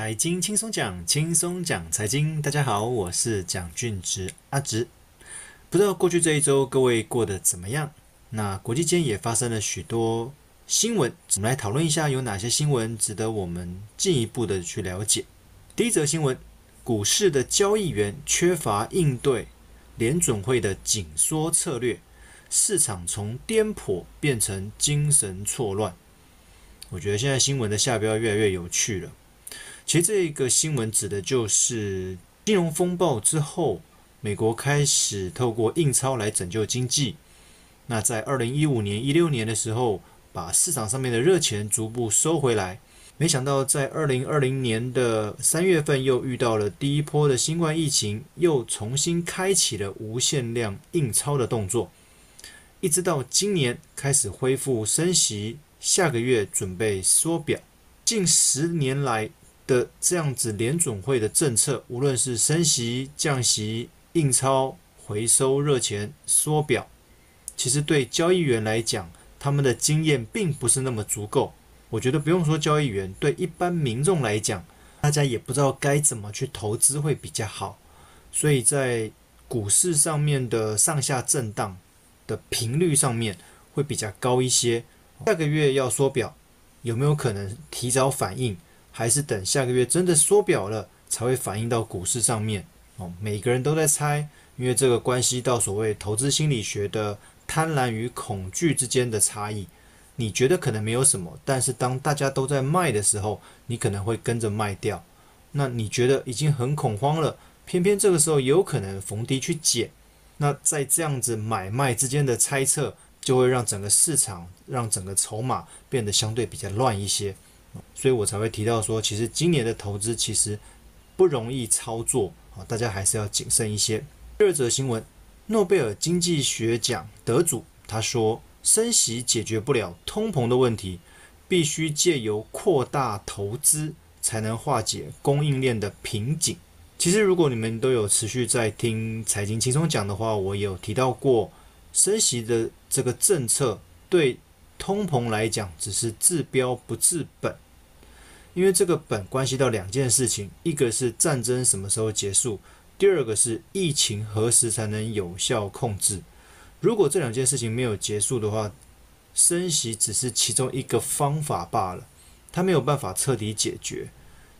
財經輕鬆講，輕鬆講財經。大家好，我是蔣俊植阿植。不知道過去這一周各位過得怎麼樣？那國際間也發生了許多新聞，我們來討論一下有哪些新聞值得我們進一步的去了解。第一則新聞：股市的交易員缺乏應對聯準會的緊縮策略，市場從顛簸變成精神錯亂。我覺得現在新聞的下標越來越有趣了。其實這個新聞指的就是金融風暴之後，美國開始透過印鈔來拯救經濟。那在二零一五年、一六年的時候，把市場上面的熱錢逐步收回來。沒想到在二零二零年的三月份又遇到了第一波的新冠疫情，又重新開啟了無限量印鈔的動作。一直到今年開始恢復升息，下個月準備縮表。近十年來的這樣子聯準會的政策，無論是升息、降息、印鈔、回收熱錢、縮表，其實對交易員來講，他們的經驗並不是那麼足夠。我覺得不用說交易員，對一般民眾來講，大家也不知道該怎麼去投資會比較好。所以在股市上面的上下震盪的頻率上面會比較高一些。下個月要縮表，有沒有可能提早反應？還是等下個月真的縮表了，才會反映到股市上面哦。每個人都在猜，因為這個關係到所謂投資心理學的貪婪與恐懼之間的差異。你覺得可能沒有什麼，但是當大家都在賣的時候，你可能會跟着賣掉。那你覺得已經很恐慌了，偏偏這個時候有可能逢低去撿。那在這樣子買賣之間的猜測，就會讓整個市場，讓整個籌碼變得相對比較亂一些。所以我才會提到說，其實今年的投資其實不容易操作啊，大家還是要謹慎一些。第二則新聞，諾貝爾經濟學獎得主他說，升息解決不了通膨的問題，必須借由擴大投資才能化解供應鏈的瓶頸。其實，如果你們都有持續在聽財經輕鬆講的話，我有提到過，升息的這個政策對通膨來講只是治標不治本。因為這個本關係到兩件事情，一個是戰爭什麼時候結束，第二個是疫情何時才能有效控制。如果這兩件事情沒有結束的話，升息只是其中一個方法罷了，它沒有辦法徹底解決。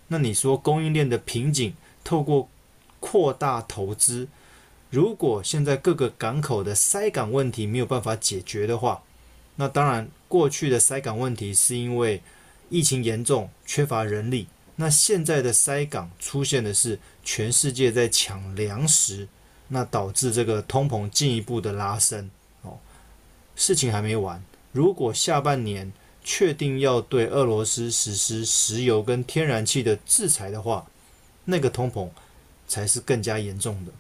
那你說供應鏈的瓶頸，透過擴大投資，如果現在各個港口的塞港問題沒有辦法解決的話，那當然過去的塞港問題是因為。疫情嚴重，缺乏人力。那現在的塞港出現的是全世界在搶糧食，那導致這個通膨進一步的拉升。哦，事情還沒完。如果下半年確定要對俄羅斯實施石油跟天然氣的制裁的話，那個通膨才是更加嚴重的。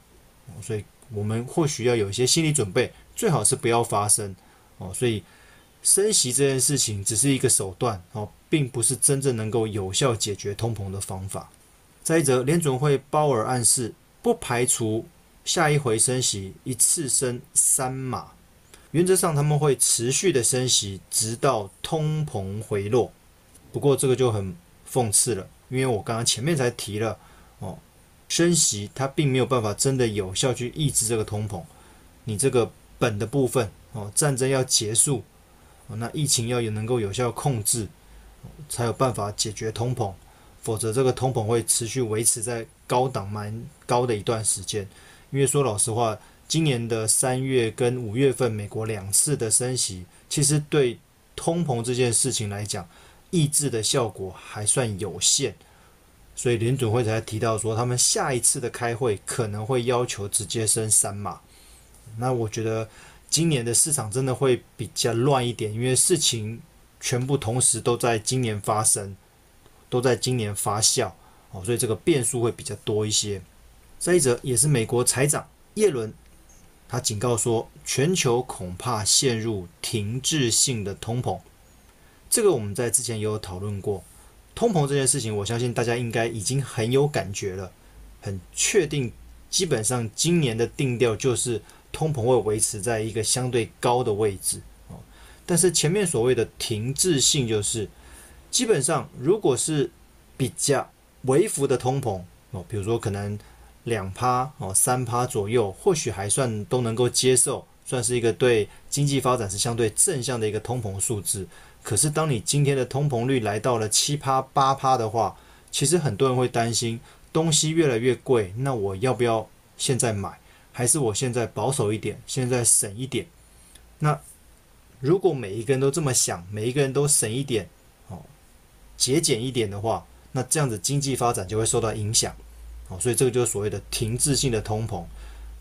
所以我們或許要有一些心理準備，最好是不要發生。哦，所以。升息這件事情只是一個手段哦，並不是真正能夠有效解決通膨的方法。再一則，聯準會鮑爾暗示，不排除下一回升息一次升三碼，原則上他們會持續的升息，直到通膨回落。不過這個就很諷刺了，因為我剛剛前面才提了哦，升息它並沒有辦法真的有效去抑制這個通膨。你這個本的部分哦，戰爭要結束。那疫情要有能夠有效控制，才有辦法解決通膨，否則這個通膨會持續維持在高檔蠻高的一段時間。因為說老實話，今年的三月跟五月份美國兩次的升息，其實對通膨這件事情來講，抑制的效果還算有限。所以聯準會才提到說，他們下一次的開會可能會要求直接升三碼。那我覺得。今年的市場真的會比較亂一點，因為事情全部同時都在今年發生，都在今年發酵哦，所以這個變數會比較多一些。再者，也是美國財長耶倫，他警告說，全球恐怕陷入停滯性的通膨。這個我們在之前也有討論過，通膨這件事情，我相信大家應該已經很有感覺了，很確定，基本上今年的定調就是。通膨會維持在一個相對高的位置哦，但是前面所謂的停滯性就是，基本上如果是比較微幅的通膨哦，比如說可能兩趴哦、三趴左右，或許還算都能夠接受，算是一個對經濟發展是相對正向的一個通膨數字。可是當你今天的通膨率來到了七趴八趴的話，其實很多人會擔心東西越來越貴，那我要不要現在買？還是我現在保守一點，現在省一點。那如果每一個人都這麼想，每一個人都省一點，哦，節儉一點的話，那這樣子經濟發展就會受到影響，哦，所以這個就是所謂的停滯性的通膨，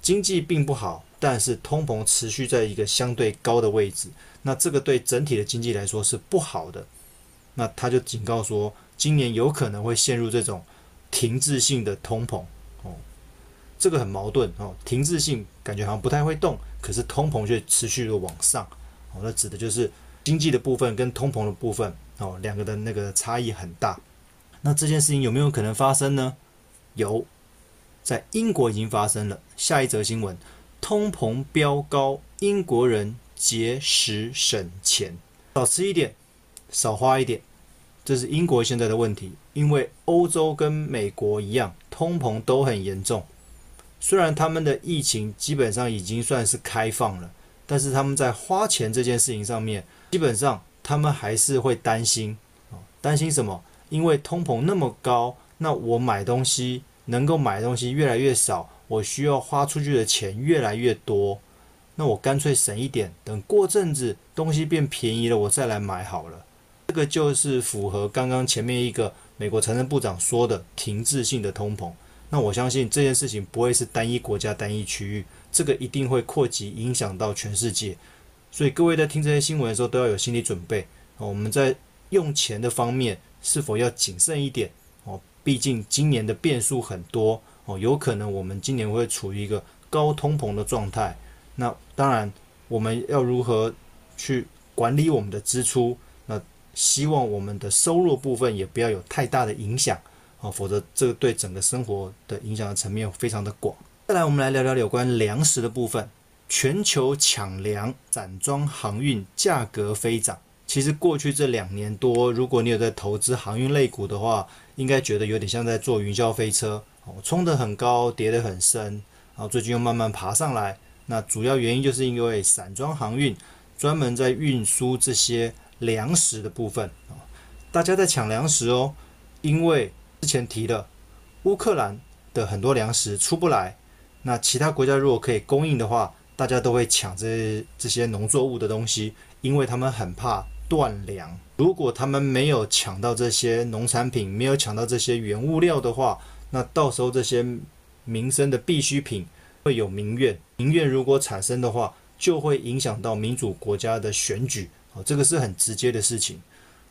經濟並不好，但是通膨持續在一個相對高的位置，那這個對整體的經濟來說是不好的。那他就警告說，今年有可能會陷入這種停滯性的通膨。這個很矛盾哦，停滯性感覺好像不太會動，可是通膨卻持續的往上哦，那指的就是經濟的部分跟通膨的部分哦，兩個的那個差異很大。那這件事情有沒有可能發生呢？有，在英國已經發生了。下一則新聞：通膨飆高，英國人節食省錢，少吃一點，少花一點，這是英國現在的問題。因為歐洲跟美國一樣，通膨都很嚴重。雖然他們的疫情基本上已經算是開放了，但是他們在花錢這件事情上面，基本上他們還是會擔心。擔心什麼？因為通膨那麼高，那我買東西能夠買東西越來越少，我需要花出去的錢越來越多，那我乾脆省一點，等過陣子東西變便，便宜了，我再來買好了。這個就是符合剛剛前面一個美國財政部長說的停滯性的通膨。那我相信這件事情不會是單一國家、單一區域，這個一定會擴及影響到全世界。所以各位在聽這些新聞的時候，都要有心理準備哦。我們在用錢的方面是否要謹慎一點？哦，畢竟今年的變數很多哦，有可能我們今年會處於一個高通膨的狀態。那當然，我們要如何去管理我們的支出？那希望我們的收入的部分也不要有太大的影響。否則，這對整個生活的影響的層面非常的廣。再來，我們來聊聊有關糧食的部分。全球搶糧，散裝航運價格飛漲。其實過去這兩年多，如果你有在投資航運類股的話，應該覺得有點像在坐雲霄飛車哦，衝得很高，跌得很深，然後最近又慢慢爬上來。那主要原因就是因為散裝航運專門在運輸這些糧食的部分啊，大家在搶糧食哦，因為。之前提了，烏克蘭的很多糧食出不來，那其他國家如果可以供應的話，大家都會搶這些這些農作物的東西，因為他們很怕斷糧。如果他們沒有搶到這些農產品，沒有搶到這些原物料的話，那到時候這些民生的必需品會有民怨，民怨如果產生的話，就會影響到民主國家的選舉，哦，這個是很直接的事情。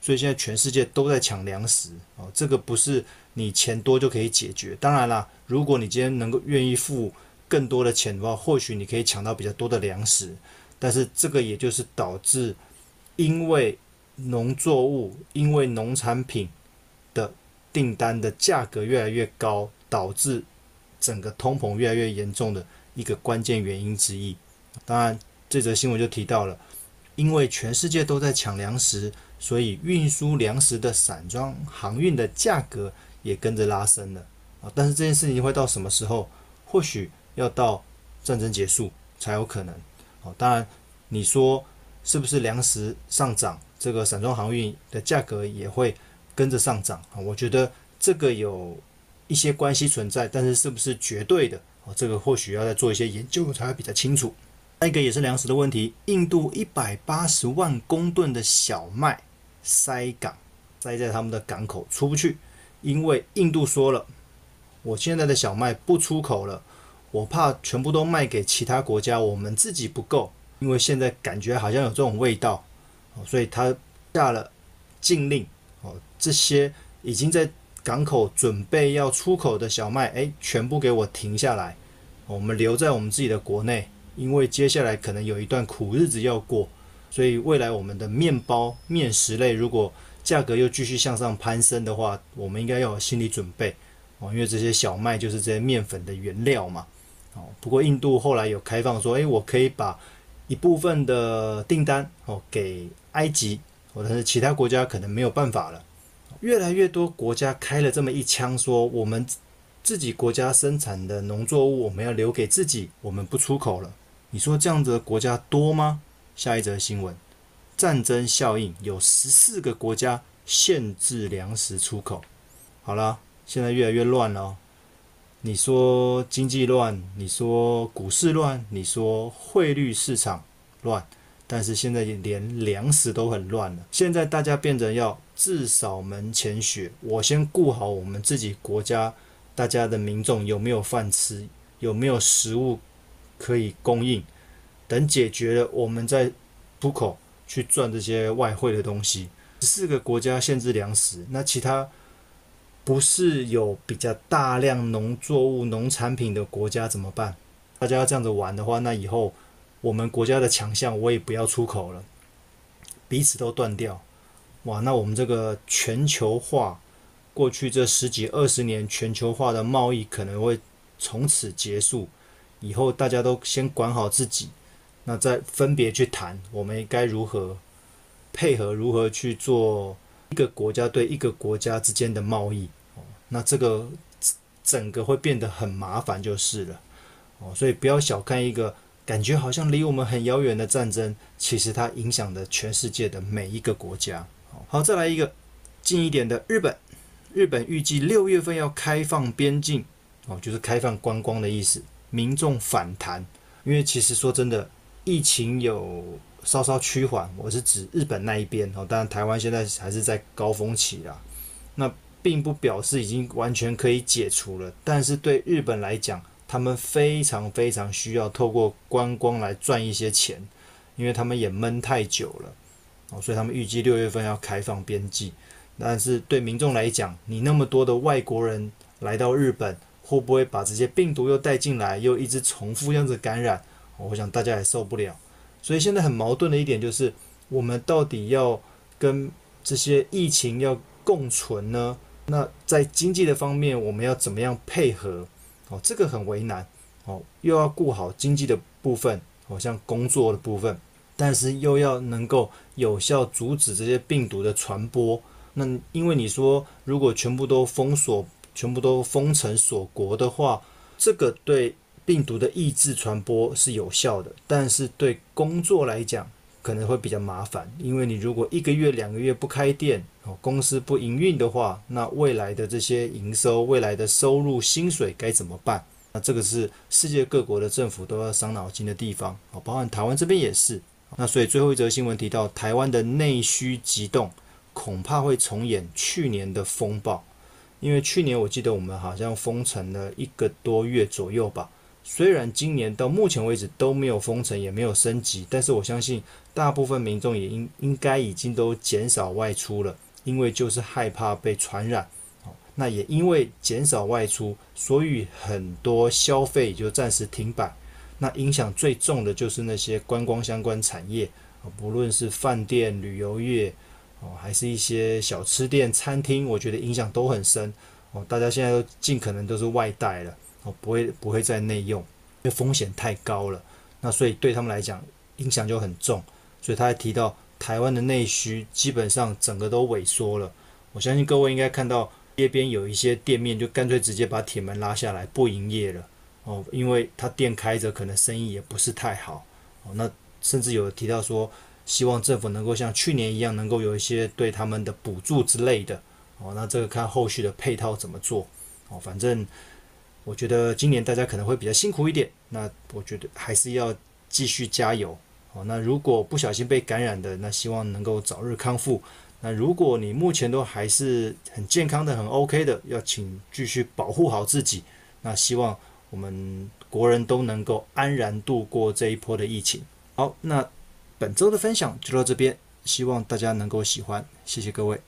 所以現在全世界都在搶糧食，這個不是你錢多就可以解決。當然啦，如果你今天能夠願意付更多的錢的話，或許你可以搶到比較多的糧食。但是這個也就是導致，因為農作物、因為農產品的訂單的價格越來越高，導致整個通膨越來越嚴重的一個關鍵原因之一。當然，這則新聞就提到了，因為全世界都在搶糧食。所以運輸糧食的散裝航運的價格也跟着拉昇了啊！但是這件事情會到什麼時候？或許要到戰爭結束才有可能啊！當然，你說是不是糧食上漲，這個散裝航運的價格也會跟着上漲啊？我覺得這個有一些關係存在，但是是不是絕對的啊？這個或許要再做一些研究才會比較清楚。另一個也是糧食的問題，印度一百八十萬公噸的小麥，塞港，塞在他們的港口出不去，因為印度說了，我現在的小麥不出口了，我怕全部都賣給其他國家，我們自己不夠，因為現在感覺好像有這種味道，所以他下了禁令，哦，這些已經在港口準備要出口的小麥，誒，全部給我停下來，我們留在我們自己的國內，因為接下來可能有一段苦日子要過。所以未來我們的麵包、麵食類，如果價格又繼續向上攀升的話，我們應該要有心理準備哦，因為這些小麥就是這些麵粉的原料嘛。哦，不過印度後來有開放說，哎，我可以把一部分的訂單哦給埃及，或者是其他國家可能沒有辦法了。越來越多國家開了這麼一槍，說我們自己國家生產的農作物我們要留給自己，我們不出口了。你說這樣子的國家多嗎？下一則新聞，戰爭效應有十四個國家限制糧食出口。好了，現在越來越亂了哦。你說經濟亂，你說股市亂，你說匯率市場亂，但是現在連糧食都很亂了。現在大家變成要自掃門前雪，我先顧好我們自己國家，大家的民眾有沒有飯吃，有沒有食物可以供應。等解決了，我們再出口去賺這些外匯的東西。十四個國家限制糧食，那其他不是有比較大量農作物、農產品的國家怎麼辦？大家要這樣子玩的話，那以後我們國家的強項我也不要出口了，彼此都斷掉。哇，那我們這個全球化，過去這十幾二十年全球化的貿易可能會從此結束。以後大家都先管好自己。那再分別去談，我們該如何配合，如何去做一個國家對一個國家之間的貿易，哦，那這個整個會變得很麻煩就是了，哦，所以不要小看一個感覺好像離我們很遙遠的戰爭，其實它影響了全世界的每一個國家。好，再來一個近一點的日本，日本預計六月份要開放邊境，哦，就是開放觀光的意思，民眾反彈，因為其實說真的。疫情有稍稍趨緩，我是指日本那一邊哦。當然，台灣現在還是在高峰期啦。那並不表示已經完全可以解除了。但是對日本來講，他們非常非常需要透過觀光來賺一些錢，因為他們也悶太久了哦。所以他們預計六月份要開放邊境。但是對民眾來講，你那麼多的外國人來到日本，會不會把這些病毒又帶進來，又一直重複這樣子感染？我想大家也受不了，所以現在很矛盾的一點就是，我們到底要跟這些疫情要共存呢？那在經濟的方面，我們要怎麼樣配合？哦，這個很為難哦，又要顧好經濟的部分，好、哦、像工作的部分，但是又要能夠有效阻止這些病毒的傳播。那因為你說，如果全部都封鎖，全部都封城鎖國的話，這個對。病毒的抑制傳播是有效的，但是對工作來講可能會比較麻煩，因為你如果一個月，兩個月不開店，哦，公司不營運的話，那未來的這些營收、未來的收入、薪水該怎麼辦？那這個是世界各國的政府都要傷腦筋的地方，哦，包括台灣這邊也是。那所以最後一則新聞提到，台灣的內需急凍，恐怕會重演去年的風暴，因為去年我記得我們好像封城了一個多月左右吧。雖然今年到目前為止都沒有封城，也沒有升級，但是我相信大部分民眾也應應該已經都減少外出了，因為就是害怕被傳染。哦，那也因為減少外出，所以很多消費也就暫時停擺。那影響最重的就是那些觀光相關產業，不論是飯店、旅遊業，哦，還是一些小吃店、餐廳，我覺得影響都很深。哦，大家現在都儘可能都是外帶了。哦，不會，不會再內用，因為風險太高了。那所以對他們來講，影響就很重。所以他還提到，台灣的內需基本上整個都萎縮了。我相信各位應該看到街邊有一些店面，就乾脆直接把鐵門拉下來，不營業了。哦，因為他店開着，可能生意也不是太好。哦，那甚至有提到說，希望政府能夠像去年一樣，能夠有一些對他們的補助之類的。哦，那這個看後續的配套怎麼做。哦，反正。我覺得今年大家可能會比較辛苦一點，那我覺得還是要繼續加油。好，那如果不小心被感染的，那希望能夠早日康復。那如果你目前都還是很健康的、很 OK 的，要請繼續保護好自己。那希望我們國人都能夠安然度過這一波的疫情。好，那本周的分享就到這邊，希望大家能夠喜歡，謝謝各位。